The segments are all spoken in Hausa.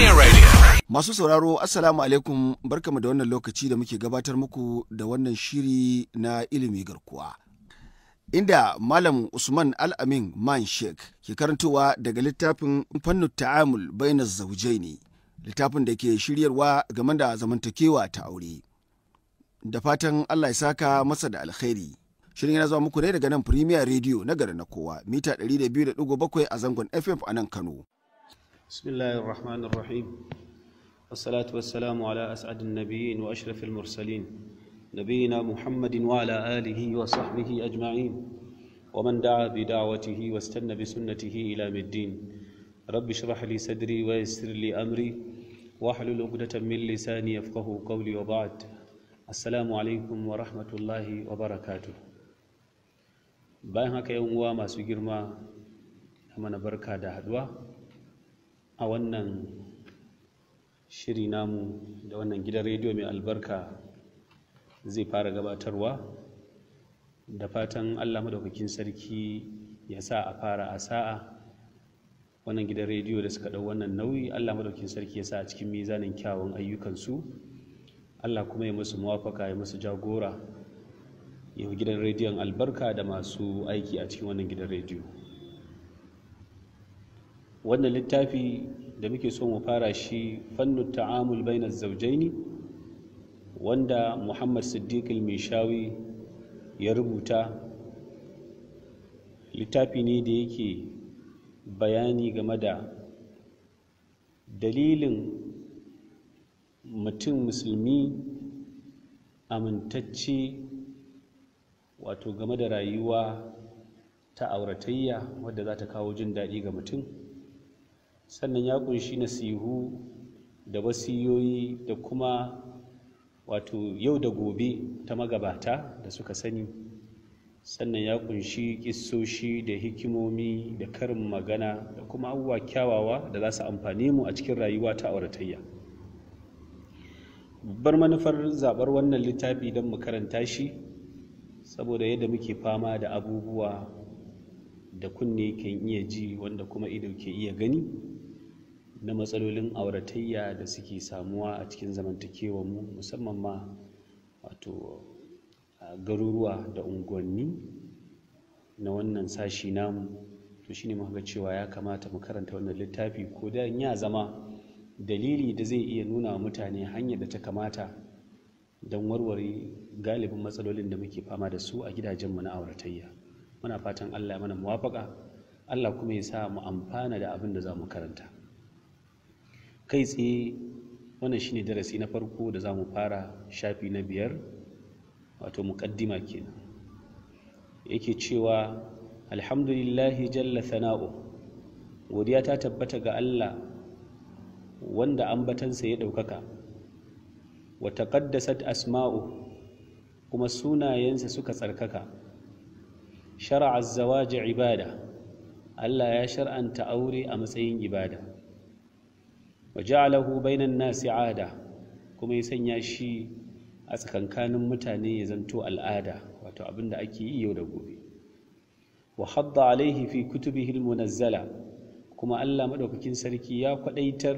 Premier Radio. Masu sauraro Assalamu alaikum barkamu da wannan lokaci da muke gabatar muku da wannan shiri na ilimi garkuwa. Inda Malam Usman Al-Amin Man Sheikh ke karantowa daga littafin fannin ta'amul zaujai ne littafin da ke shiryarwa game da zamantakewa ta aure. Da fatan Allah ya saka masa da alkhairi. Shirin yana zuwa muku ne daga nan Premier Radio na gari na kowa mita 200.7 a zangon FF a nan Kano. بسم الله الرحمن الرحيم والصلاة والسلام على أسعد النبيين وأشرف المرسلين نبينا محمد وعلى آله وصحبه أجمعين ومن دعا بدعوته واستنى بسنته إلى مدين رب اشرح لي صدري ويسر لي أمري واحلل عقدة من لساني يفقه قولي وبعد السلام عليكم ورحمة الله وبركاته باين هكا يوم وما سجرما أمنا بركة دهدوا a wannan shiri namu da wannan gidan rediyo mai albarka zai fara gabatarwa da fatan allah madaukakin sarki ya sa a fara a sa'a wannan gidan rediyo da suka ɗau wannan nauyi allah madaukakin sarki ya sa a cikin mizanin kyawun ayyukansu allah kuma ya musu mawafaka ya musu jagora yau gidan rediyon albarka da masu aiki a cikin wannan gidan rediyo wannan littafi da muke so mu fara shi fannu ta'amul baina zaujaini wanda muhammad siddiq al-mishawi ya rubuta littafi ne da yake bayani game da dalilin mutum musulmi amintacce wato game da rayuwa ta auratayya wadda za ta kawo jin daɗi ga mutum sannan ya kunshi nasihu da wasiyoyi da kuma wato yau da gobe ta magabata da suka sani sannan ya kunshi kissoshi da hikimomi da karin magana da kuma abubuwa kyawawa da za su amfane mu a cikin rayuwa ta auratayya babbar manufar zabar wannan littafi don mu karanta shi saboda yadda muke fama da abubuwa da kunne kan iya ji wanda kuma ido ke iya gani na matsalolin auratayya da suke samuwa a cikin zamantakewa mu musamman ma wato garuruwa da unguwanni na wannan sashi namu to shine muka ga cewa ya kamata mu karanta wannan littafi ko da ya zama dalili da zai iya nuna wa mutane hanyar da ta kamata don warware galibin matsalolin da muke fama da su a gidajenmu na auratayya muna fatan allah ya mana muwafaka allah kuma ya sa mu amfana da abin da za mu karanta kai tsaye wannan shine darasi na farko da za mu fara shafi na biyar wato muƙaddima kenan yake cewa alhamdulillahi jalla sana'u godiya ta tabbata ga Allah wanda ambatansa ya ɗaukaka wa taqaddasat asma'u kuma sunayensa suka tsarkaka shar'a zawaji ibada Allah ya shar'anta aure a matsayin ibada wa ja'alahu bainan nasi ada kuma ya sanya shi a tsakankanin mutane ya zanto al'ada wato abin da ake yi yau da gobe wa hadda alaihi fi kutubihi almunazzala kuma Allah madaukakin sarki ya kwadaitar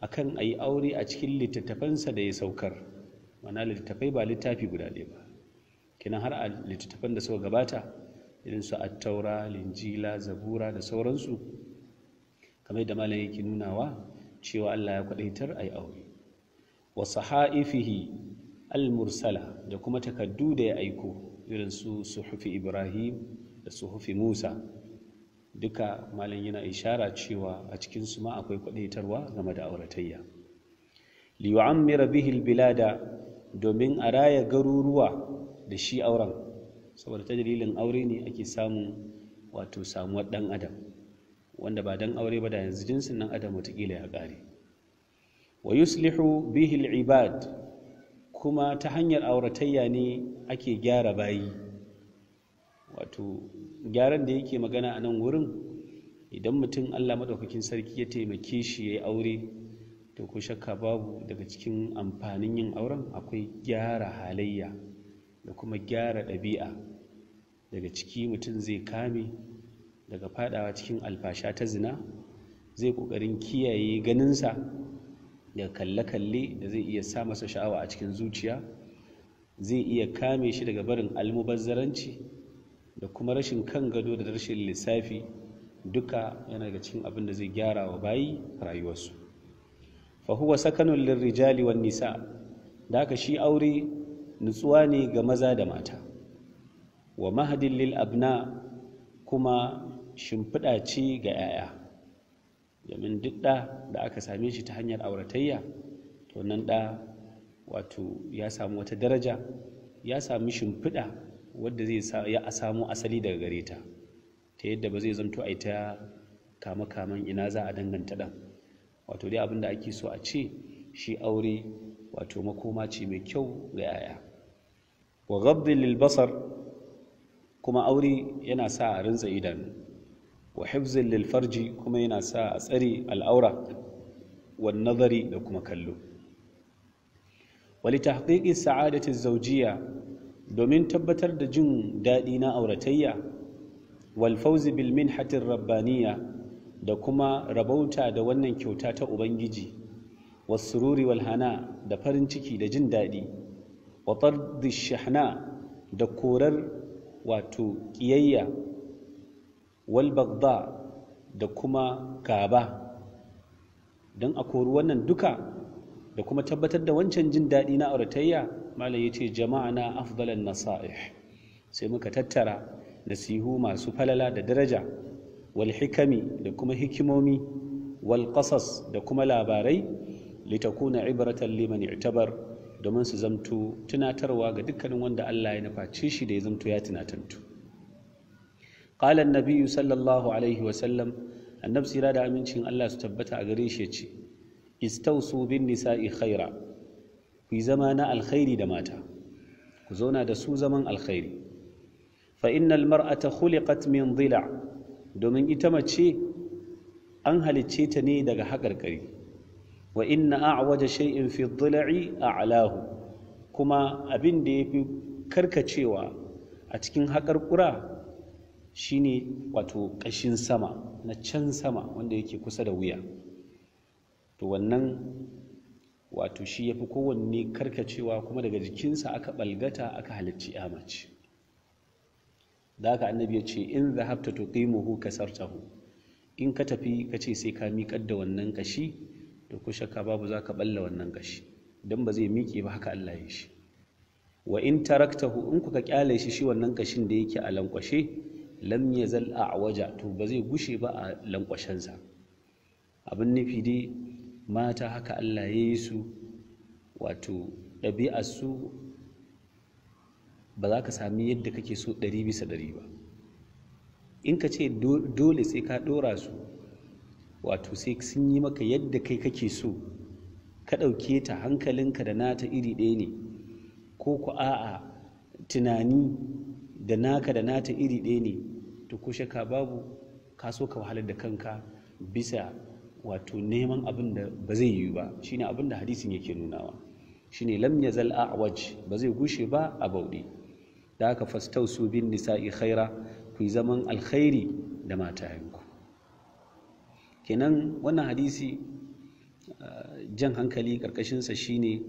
akan ayi aure a cikin littattafansa da ya saukar wana littattafai ba littafi guda ɗaya ba kina har a littattafan da suka gabata irin su at-taura linjila zabura da sauransu kamar da malam yake nunawa cewa Allah ya kwadaitar ayi aure wa sahaifihi al-mursala da kuma takaddu da ya aiko irin su suhufi Ibrahim da suhufi Musa duka malam yana ishara cewa a cikin su ma akwai kwadaitarwa game da auratayya li yu'ammira bihi bilada domin a raya garuruwa da shi auren saboda ta dalilin aure ne ake samu wato samuwar ɗan adam wanda ba dan aure ba da yanzu jinsin nan adam watakila ya ƙare wa yuslihu bihi al-ibad kuma ta hanyar auratayya ne ake gyara bayi wato gyaran da yake magana a nan wurin idan mutum Allah madaukakin sarki ya taimake shi ya yi aure to ko shakka babu daga cikin amfanin yin auren akwai gyara halayya da kuma gyara ɗabi'a daga ciki mutum zai kame daga fadawa cikin alfasha ta zina zai kokarin kiyaye ganinsa da kalle-kalle da zai iya sa masa sha'awa a cikin zuciya zai iya kame shi daga barin almubazzaranci da kuma rashin kan gado da rashin lissafi duka yana daga cikin abin da zai gyara wa bayi rayuwarsu fahuwa sakanun lirrijali wan nisa da aka shi aure nutsuwa ne ga maza da mata wa mahadin lil abna kuma shimfiɗa ce ga 'ya'ya domin duk ɗa da aka same shi ta hanyar auratayya to nan ɗa wato ya samu wata daraja ya sami shimfiɗa wadda zai ya samu asali daga gare ta ta yadda ba zai zamto a ta kama kaman ina za a danganta ɗan wato dai abin da ake so a ce shi aure wato makoma ce mai kyau ga 'ya'ya wa gabdin lilbasar kuma aure yana sa a rinsa idanu wa hifzin lilfarji kuma yana sa a tsare al'aura wa nazari da kuma kallo wali tahqiqi sa'adati zawjiyya domin tabbatar da jin daɗi na auratayya wal fawzi bil minhatir rabbaniyya da kuma rabauta da wannan kyauta ta ubangiji was sururi wal hana da farin ciki da jin daɗi wa tardi shahna da korar wato ƙiyayya wal bagba da kuma gaba don a kori wannan duka da kuma tabbatar da wancan jin daɗi na auratayya malam ya ce jama'a na afdalan nasa'ih sai muka tattara nasihu masu falala da daraja wal hikami da kuma hikimomi wal qasas da kuma labarai litakuna ibratan liman i'tabar domin su zamto tunatarwa ga dukkanin wanda Allah ya nuface shi da ya zamto ya tunatantu qala an-nabiy sallallahu alaihi wa da amincin Allah su tabbata a gare shi ya ce istausu bin nisa'i khaira ku zama na alkhairi da mata ku zauna da su zaman alkhairi fa innal ta khuliqat min dhila domin ita mace an halicce ta ne daga haƙar haƙarƙari wa inna waje shay'in fi a a'lahu kuma abin da yafi karkacewa a cikin haƙar haƙarƙura shine wato ƙashin sama na can sama wanda yake kusa da wuya to wannan wato shi ya fi kowanne karkacewa kuma daga jikinsa aka ɓalgata aka halarci, ya mace da haka annabi ya ce in zahabta tuqimuhu kasartahu in ka tafi ka ce sai ka miƙar da wannan kashi to ku shakka babu za ka ɓalla wannan kashi don ba zai miƙe ba haka Allah ya shi wa in taraktahu in kuka kyale shi shi wannan kashin da yake a lankwashe lam a a'waja to ba zai gushe ba a lankwashensa abin nufi dai mata haka Allah ya yi su wato ɗabi'ar su ba za ka sami yadda kake so ɗari bisa ɗari ba in ka ce dole sai ka ɗora su wato sai sun yi maka yadda kai kake so ka ɗauke ta hankalinka da nata iri ɗaya ne ko ku a'a tunani da naka da nata iri ɗaya ne to ko shakka babu ka so ka wahalar da kanka bisa wato neman abin da ba zai yiwu ba shine abin da hadisin yake nunawa shine lam yazal a'waj ba zai gushe ba a bauɗi da aka su bin nisa'i khaira ku yi zaman alkhairi da matayenku kenan wannan hadisi eh, jan hankali shi shine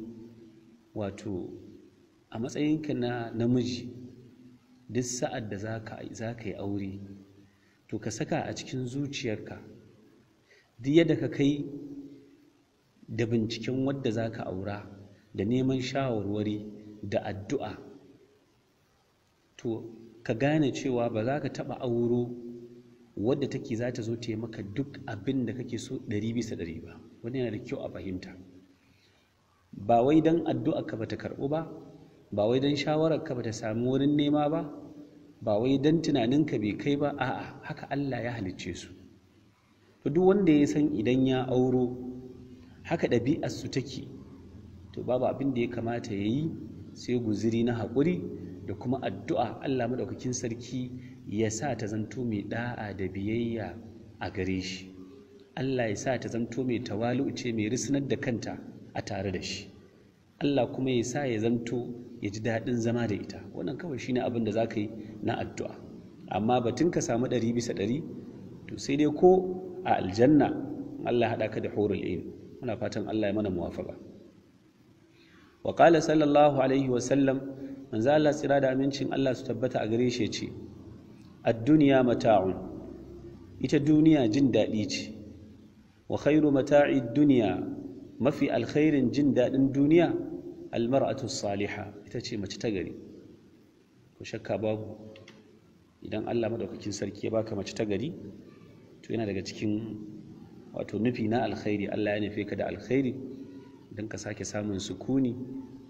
wato a matsayinka na namiji duk sa'ad da za ka yi aure to ka saka a cikin zuciyarka duk yadda ka kai da binciken wadda za ka aura da neman shawarwari da addu'a to ka gane cewa ba za ka taɓa auro wadda take za ta zo ta maka duk abin da kake so ɗari bisa ɗari ba wani yana da kyau a fahimta ba wai don addu'a ka ba ta karɓu ba ba wai don shawarar ka ta sami wurin nema ba ba wai don ka bai kai ba a'a haka Allah ya halicce su to duk wanda ya san idan ya auro haka ɗabi'ar su take to babu abin da ya kamata ya yi sai guziri na haƙuri da kuma addu'a Allah maɗaukakin sarki ya sa ta zanto mai ɗa'a da biyayya a gare shi Allah ya sa ta zanto mai tawalu ce mai risnar da kanta a tare da shi Allah kuma ya sa ya zanto ya ji daɗin zama da ita wannan kawai shine abin da za ka yi na addu'a amma batun ka samu ɗari bisa ɗari to sai dai ko a aljanna Allah haɗa ka da horul ain muna fatan Allah ya mana muwafaka wa qala sallallahu alaihi wa sallam manzo Allah tsira da amincin Allah su tabbata a gare shi ya ce ad-dunya mata'un ita duniya jin daɗi ce wa khairu mata'i duniya mafi alkhairin jin daɗin duniya almar'atu saliha ita ce mace ta gari ko shakka babu idan Allah madaukakin sarki ya baka mace ta gari to yana daga cikin wato nufi na alkhairi Allah ya nufe ka da alkhairi don ka sake samun sukuni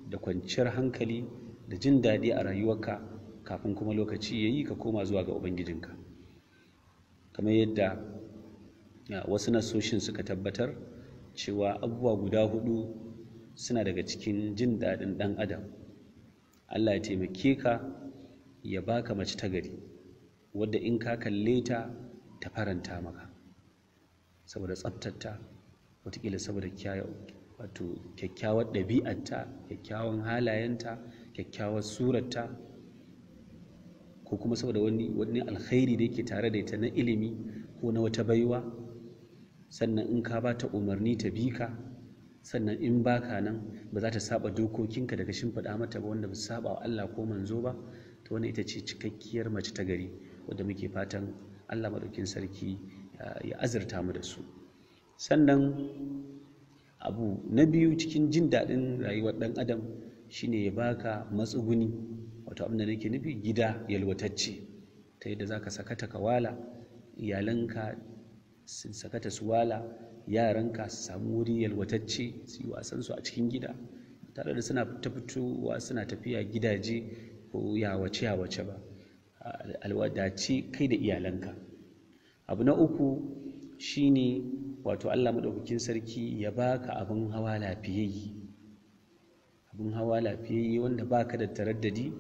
da kwanciyar hankali da jin daɗi a rayuwarka kafin kuma lokaci ya yi ka koma zuwa ga ubangijinka kamar yadda ah, wasu nasoshin suka tabbatar cewa abubuwa guda hudu suna daga cikin jin daɗin ɗan adam allah ya taimake ka ya baka mace ta gari wadda in ka kalle ta ta faranta maka saboda tsaftarta watakila saboda kyakkyawar ɗabi'arta kyakkyawan halayenta kyakkyawar surarta ko kuma saboda wani alkhairi da yake tare da ita na ilimi ko na wata baiwa sannan in ka ba ta umarni ta bi ka sannan in baka nan ba za ta saba dokokinka daga shimfiɗa mata ba wanda ba saba wa Allah ko manzo ba to wannan ita ce cikakkiyar mace ta gari wadda muke fatan Allah madaukin sarki ah, ya azurta mu da su sannan abu na biyu cikin jin daɗin rayuwar ɗan adam shine ya baka matsuguni wato abin da nake nufi gida yalwatacce ta yadda za ka sakata ka wala iyalanka sun sakata su wala yaranka su samu wuri yalwatacce su yi wasan su a cikin gida tare da suna ta fitowa suna tafiya gidaje ko yawace yawace ba alwadaci kai da iyalanka abu na uku shine wato Allah maɗaukakin sarki ya baka abin hawa lafiyayye abin hawa lafiyayye wanda baka da taraddadi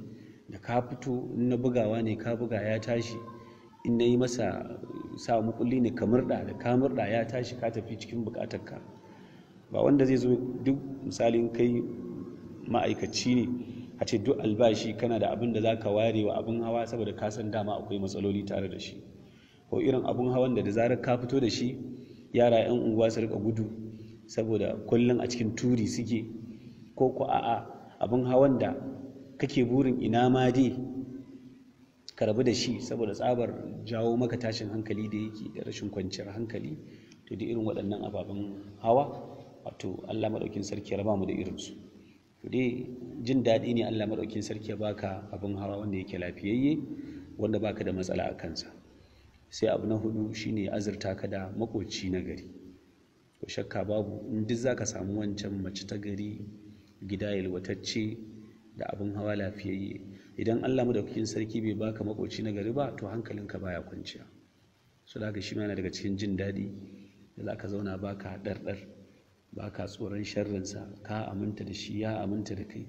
da ka fito na bugawa ne ka buga ya tashi in na yi masa sa mukulli ne ka murda da ka murda ya tashi ka tafi cikin ka. ba wanda zai zo duk misalin kai ma'aikaci ne a ce duk albashi kana da abin da za ka ware wa abin hawa saboda ka san dama akwai matsaloli tare da shi ko irin abin hawan da da zarar ka fito da shi yara 'yan unguwa su rika gudu saboda kullun a cikin turi suke ko ko a'a abin hawan da kake burin ina ma dai ka rabu da shi saboda tsabar jawo maka tashin hankali da yake da rashin kwanciyar hankali to da irin waɗannan ababen hawa wato Allah maɗaukin sarki ya raba mu da irinsu to dai jin daɗi ne Allah maɗaukin sarki ya baka abin hawa wanda yake lafiyayye wanda baka da matsala a kansa sai abu na hudu shine azurta ka da makoci na gari to shakka babu in duk zaka samu wancan mace ta gari gida yalwatacce da abin hawa lafiyayye idan Allah madaukakin sarki bai baka makoci na gari ba to hankalinka baya kwanciya su da shi ma yana daga cikin jin daɗi da za ka zauna ba ka ɗarɗar ba ka tsoron sharrinsa ka aminta da shi ya aminta da kai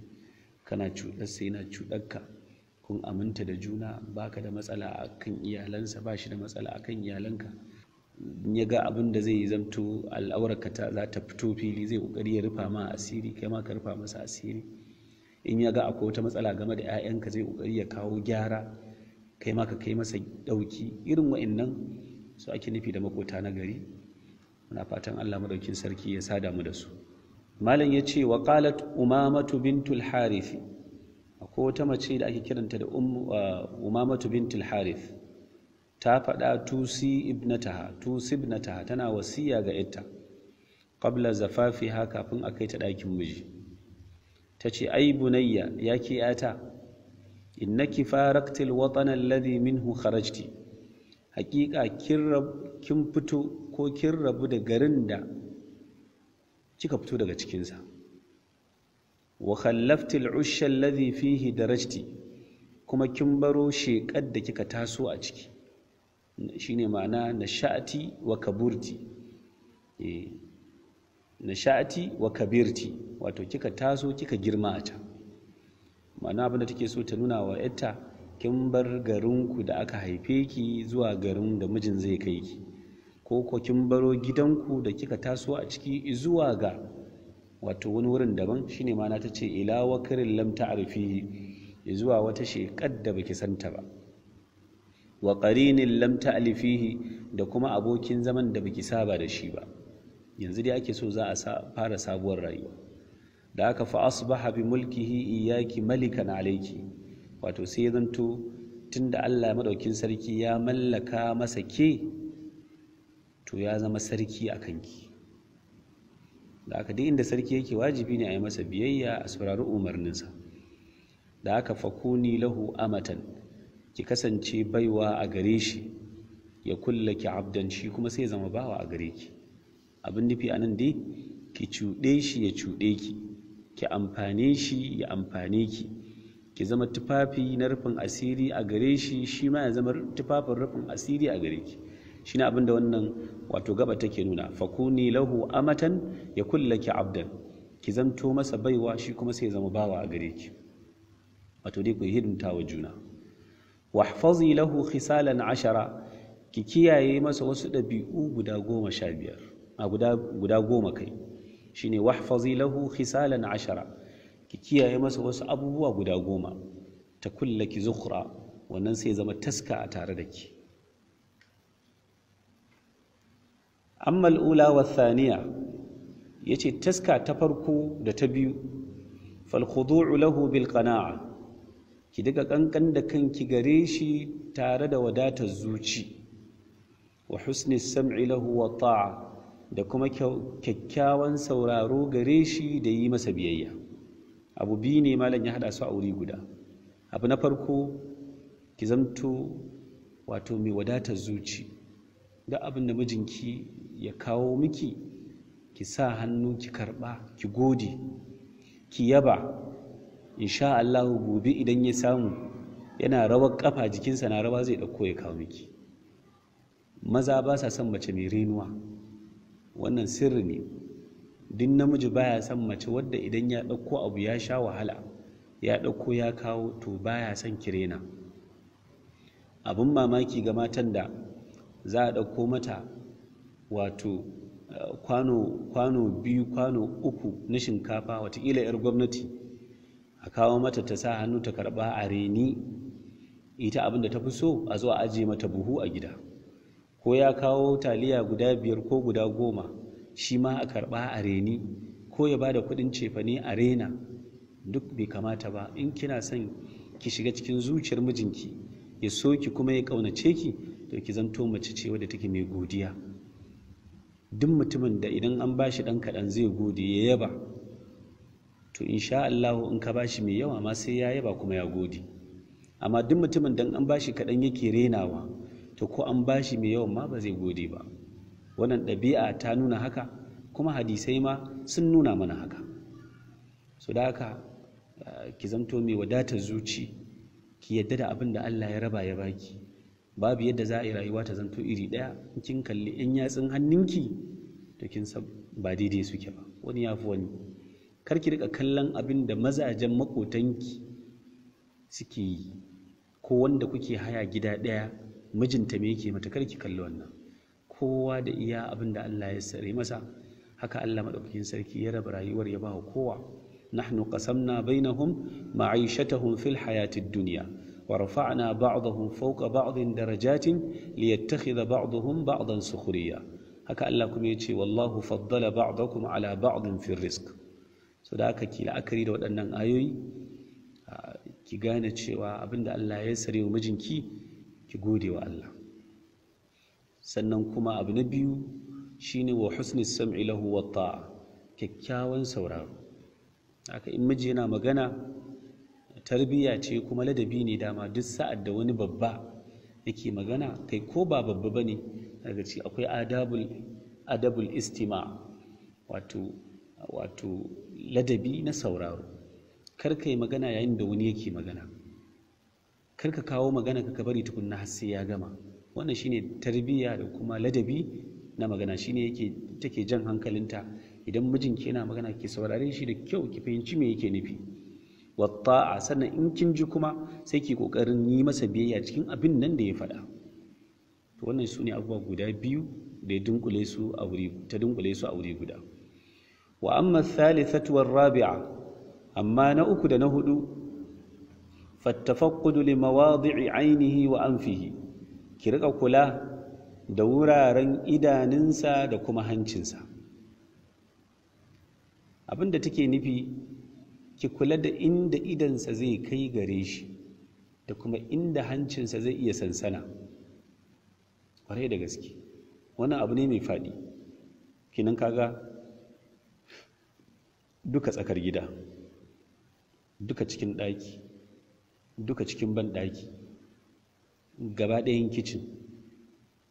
kana cuɗarsa yana ka. kun aminta da juna Ba ka da matsala a kan iyalansa ba shi da matsala a kan iyalanka in ya ga abin da zai zamto al'aurarka za ta fito fili zai ƙoƙari ya rufa ma asiri kai ma ka rufa masa asiri in ya ga akwai wata matsala game da 'ya'yanka zai kokari ya kawo gyara kai ma ka kai masa ɗauki. irin wa'annan su ake nufi da makota na gari muna fatan Allah maɗaukin sarki ya sada mu da su malam ya ce wa qalat umamatu bintul harith akwai wata mace da ake kiranta da umamatu bintul harif ta faɗa tusi ibnataha tusi ibnataha tana wasiya ga ita qabla zafafiha kafin a kai ta ɗakin miji ta ce ai bunayya ya ke yata ki faraktil watana alladhi minhu kharajti hakika kin fito ko kin rabu da garin da kika fito daga cikinsa wa khallaftil usha alladhi fihi darajti kuma kin baro shekar da kika taso a ciki shine ma'ana nasha'ati wa kaburti eh Nishati wa kabirti wato kika taso kika girma a can ma'ana abin da take so ta nuna wa yatta kin bar garinku da aka haife ki zuwa garin da mijin zai kai ki ko ko kin baro gidanku da kika taso a ciki zuwa ga wato wani wurin daban shine mana ta ce ila karin lam ta'rifi zuwa wata shekar da baki san ta ba wa qarinin lam ta'alifihi da kuma abokin zaman da baki saba da shi ba yanzu dai ake so za a fara sabuwar rayuwa da aka fa asbaha bi mulkihi iyaki malikan alayki wato sai ya zanto tunda Allah madaukin sarki ya mallaka masa ke to ya zama sarki a kanki da aka duk inda sarki yake wajibi ne a yi masa biyayya a saurari umarninsa da aka fakuni lahu amatan ki kasance baiwa a gare shi ya kulla ki abdan shi kuma sai zama bawa a gare ki abin nufi a nan dai ki cuɗe shi ya cuɗe ki ki amfane shi ya amfane ki ki zama tufafi na rufin asiri a gare shi shi ma ya zama tufafin rufin asiri a gare ki shine abin da wannan wato gaba take nuna fakuni lahu amatan ya ki abdan ki zanto masa baiwa shi kuma sai ya zama bawa a gare ki wato dai ku hidimta wa juna wahfazi lahu khisalan ashara ki kiyaye masa wasu ɗabi'u guda goma sha biyar a guda goma kai shine wahfazi lahu khisalan ashara ki kiyaye masa wasu abubuwa guda goma ta ki zukhra wannan sai zama taska a tare da ki amma al'ula wa thaniya yace taska ta farko da ta biyu fal lahu bil qana'a ki daga kankan da kanki gare shi tare da wadatar zuci wa husni sam'i lahu wa ta'a da kuma kyakkyawan sauraro gare shi da yi masa biyayya abu biyu ne malam ya haɗa su a wuri guda abu na farko ki zamto wato mai wadatar zuci da abin da mijinki ya kawo miki ki sa hannu ki karɓa ki gode ki yaba insha Allah gobe idan ya samu yana rawar kafa jikinsa na rawa zai dauko ya kawo miki maza ba sa son mace mai renuwa wannan sirri ne duk namiji baya son mace wadda idan ya ɗauko abu ya sha wahala ya ɗauko ya kawo to baya son kirena abin mamaki ga matan da za a ɗauko mata wato eh, kwano biyu kwano uku na shinkafa watakila 'yar gwamnati a kawo mata ta sa hannu ta karɓa a reni ita abin da ta fi so a zo a ajiye mata buhu a gida ko ya kawo taliya guda biyar ko guda goma shi ma a karɓa a reni ko ya ba da kuɗin cefane a rena duk bai kamata ba in kina son ki shiga cikin zuciyar mijinki ya so ki kuma ya ƙaunace ki to ki zanto mace ce wadda take mai godiya duk mutumin da idan an ba shi ɗan kaɗan zai gode ya yaba to insha Allahu in ka bashi mai yawa ma sai ya yaba kuma ya gode amma duk mutumin dan an bashi kaɗan yake renawa to ko an bashi mai yawan ma ba zai gode ba wannan ɗabi'a ta nuna haka kuma hadisai ma sun nuna mana haka Sudaka, da haka ki zanto mai wadatar zuci ki yadda da abin da Allah ya raba ya baki babu yadda za a yi rayuwa ta zanto iri ɗaya kin kalli in yatsun hannunki to kin san ba daidai suke ba wani ya fi wani kar ki rika kallon abin da mazajen makotanki suke yi ko wanda kuke haya gida ɗaya mijinta me yake mata ki kalli wannan kowa da iya abinda Allah ya sare masa haka Allah madaukakin sarki ya raba rayuwar ya bawa kowa nahnu qasamna bainahum ma'ishatahum fil hayatid dunya wa rafa'na ba'dahum fawqa ba'din darajatin liyattakhidha ba'dahum ba'dan sukhriya haka Allah kuma ya ce wallahu faddala ba'dakum ala ba'din fil rizq so da aka ki la'akari da waɗannan ayoyi ah, ki gane cewa abinda Allah ya sare wa mijinki ki gode wa Allah sannan kuma abu na biyu shine wa husni sam'i lahu wa ta'a kyakkyawan sauraro haka in miji yana magana tarbiyya ce kuma ladabi ne dama duk sa'ad da wani babba yake magana kai ko ba babba bane daga ci akwai adabul istima wato ladabi na sauraro kar kai magana yayin da wani yake magana kar ka kawo magana ka bari tukunna har sai ya gama wannan shine tarbiyya da kuma ladabi na magana shine yake take jan hankalinta idan mijinki yana magana ke saurare shi da kyau ki fahimci me yake nufi watta'a sannan in kin ji kuma sai ki kokarin yi masa biyayya cikin abin nan da ya faɗa to wannan sune abubuwa guda biyu da ya dunkule su a wuri ta dunkule su a wuri guda wa amma thalithatu war rabi'a amma na uku da na hudu fattafaqqudu li mawadi'i ainihi wa anfihi ki riƙa kula da wuraren idaninsa da kuma hancinsa abinda take nufi ki kula da inda idansa zai kai gare shi da kuma inda hancinsa zai iya sansana kwarai da gaske wannan abu ne mai faɗi kinan kaga duka tsakar gida duka cikin ɗaki duka cikin banɗaki gaba ɗayan kicin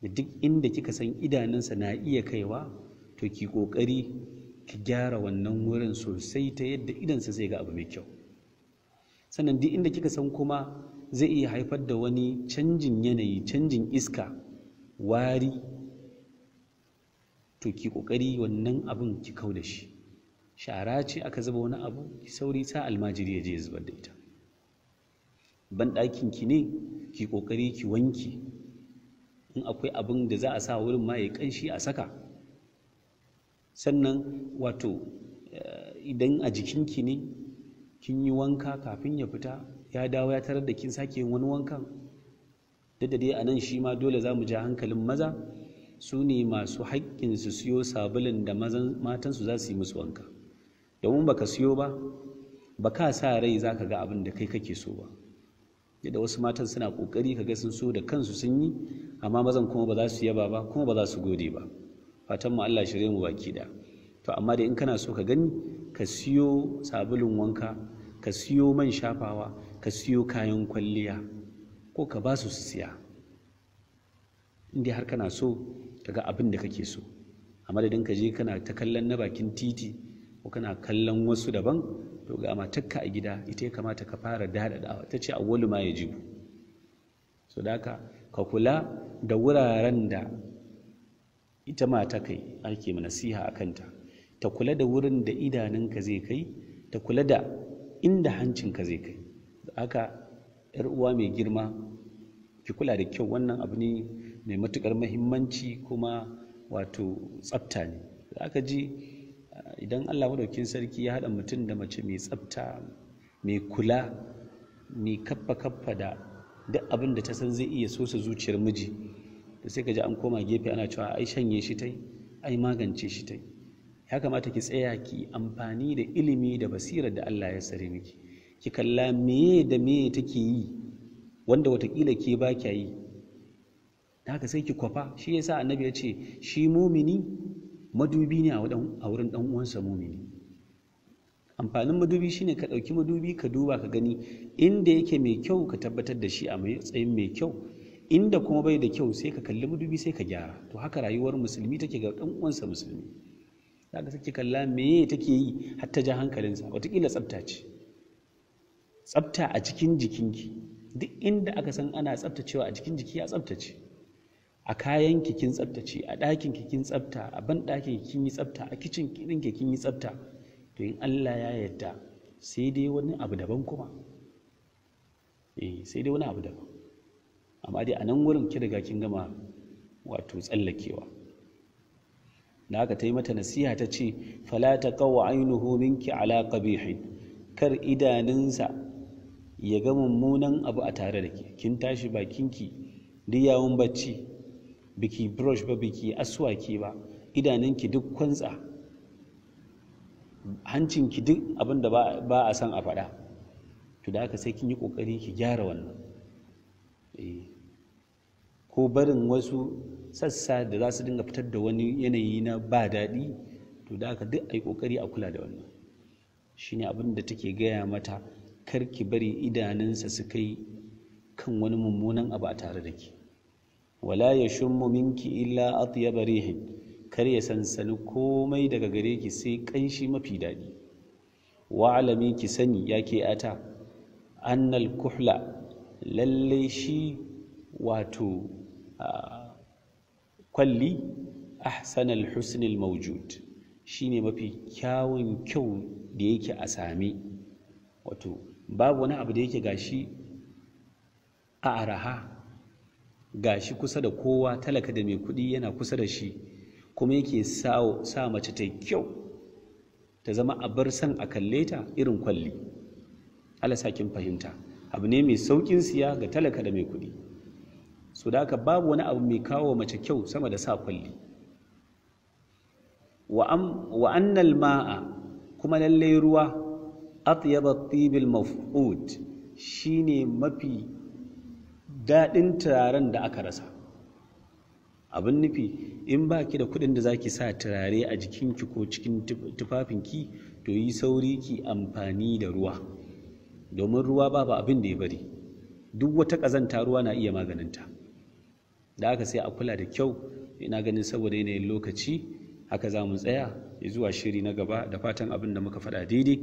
da duk inda kika san idanunsa na iya kaiwa to ki ƙoƙari ki gyara wannan wurin sosai ta yadda idansa zai ga abu mai kyau sannan duk inda kika san kuma zai iya haifar da wani canjin yanayi canjin iska wari to ki ƙoƙari wannan abin ki kau da shi shara ce aka zuba wani abu ki sauri sa almajiri ya je ya zubar da ita banɗakin ki ne ki ƙoƙari ki wanki in akwai abin da za a sa wurin ma ya ƙanshi a saka sannan wato eh, idan a jikinki ne kin yi wanka kafin ya fita ya dawo ya tarar da kin sake yin wani wankan duk da dai a nan shi ma dole za mu ja hankalin maza su ne masu haƙƙin su siyo sabulun da matansu za su yi musu wanka domin baka siyo ba ba ka sa rai za ka ga abin da kai kake so ba yadda wasu matan suna kokari kaga sun so da kansu sun yi amma mazan kuma ba za su yaba ba kuma ba za su gode ba fatan mu Allah shirye mu baki da to amma da in kana so ka gani ka siyo sabulun wanka ka siyo man shafawa ka siyo kayan kwalliya ko ka ba su siya indai har kana so ka ga abin da kake so a madadin ka je kana ta kallon na bakin titi ko kana kallon wasu daban to ga matakka a gida ita ya kamata ka fara da ta ce awwalu ma ya ji so daka ka kula da wuraren da ita mata kai ake nasiha a kanta ta kula da wurin da idanunka zai kai ta kula da inda hancinka zai kai aka yar uwa mai girma ki kula da kyau wannan abu ne mai matukar mahimmanci kuma wato tsafta ne da aka ji idan Allah madaukin sarki ya haɗa mutum da mace mai tsafta mai kula mai kaffa kaffa da duk abin da ta san zai iya sosa zuciyar miji da sai ka ji an koma gefe ana cewa ai shanye shi tai ai magance shi tai ya kamata ki tsaya ki amfani da ilimi da basirar da Allah ya sare miki ki kalla meye da meye take yi wanda watakila ke ba kya yi haka sai ki kwafa shi yasa annabi ya ce shi mumini madubi ne a wurin ɗan uwansa mumini amfanin madubi shine ka ɗauki madubi ka duba ka gani inda yake mai kyau ka tabbatar da shi a matsayin mai kyau inda kuma bai da kyau sai ka kalli madubi sai ka gyara to haka rayuwar musulmi take ga ɗan uwansa musulmi zaka sake kalla meye take yi har ta ja hankalinsa watakila tsafta ce tsafta a cikin jikinki duk inda aka san ana tsaftacewa a cikin jiki ya tsaftace a kayan kin tsaftace a ɗakin kikin tsafta a ban ɗakin kikin yi tsafta a kicin kikin kikin yi tsafta to in Allah ya yarda sai dai wani abu daban kuma eh sai dai wani abu daban amma dai a nan wurin ki riga kin gama wato tsallakewa da aka ta yi mata nasiha ta ce fala ta kawo ainihu minki ala qabihin kar idaninsa ya ga mummunan abu a tare da ke kin tashi bakinki duk yawon bacci biki brush ba biki aswaki ba idanunki duk kwantsa hancinki duk abin ba a san a faɗa to da aka sai kin yi ƙoƙari ki gyara wannan eh. ko barin wasu sassa da za su dinga fitar da wani yanayi na ba daɗi to da aka duk a yi ƙoƙari a kula da wannan shine abin da take gaya mata kar ki bari idanunsa su kai kan wani mummunan abu a tare da ki wala ya shummu minki illa atyaba kar ya sansani komai daga gare ki sai kanshi mafi daɗi wa'alami ki sani ya ke ata annal kuhla lalle shi wato kwalli ahsanal husnil shi shine mafi kyawun kyau da yake a same wato babu wani abu da yake gashi a araha Ga shi kusa da kowa talaka da mai kuɗi yana kusa da shi kuma yake sa mace ta kyau ta zama a bar san a kalle ta irin kwalli ala sakin fahimta abu ne mai saukin siya ga talaka da mai kuɗi so da haka babu wani abu mai kawo mace kyau sama da sa kwalli wa annal ma'a kuma lallai ruwa atyaba tibil maf'ud shine mafi daɗin turaren da aka rasa abin nufi in ba ki da kuɗin da za ki sa turare a jikinki ko cikin tufafinki to yi sauri ki amfani da ruwa domin ruwa babu abin da ya bari duk wata ƙazanta ruwa na iya maganinta da aka sai a kula da kyau ina ganin saboda yanayin lokaci haka za mu tsaya zuwa shiri na gaba da fatan abin da muka faɗa daidai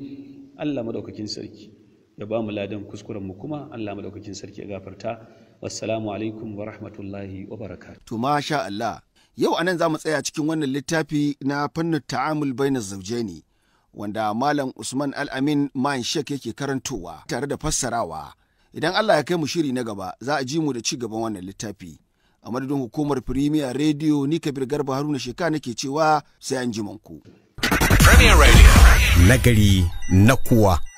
allah maɗaukakin sarki ya ba mu ladan kuskuren mu kuma allah maɗaukakin sarki ya gafarta wassalamu alaikum wa rahmatullahi wa baraka. to masha Allah yau anan za mu tsaya cikin wannan littafi na fannin ta'amul baina zaujaini wanda malam Usman Al-Amin Man Sheikh yake karantowa tare da fassarawa idan Allah ya kai mu shiri na gaba za a ji mu da ci gaban wannan littafi a madadin hukumar Premier Radio ni Kabir Garba Haruna Sheka nake cewa sai an ji manku Premier Radio nagari na kuwa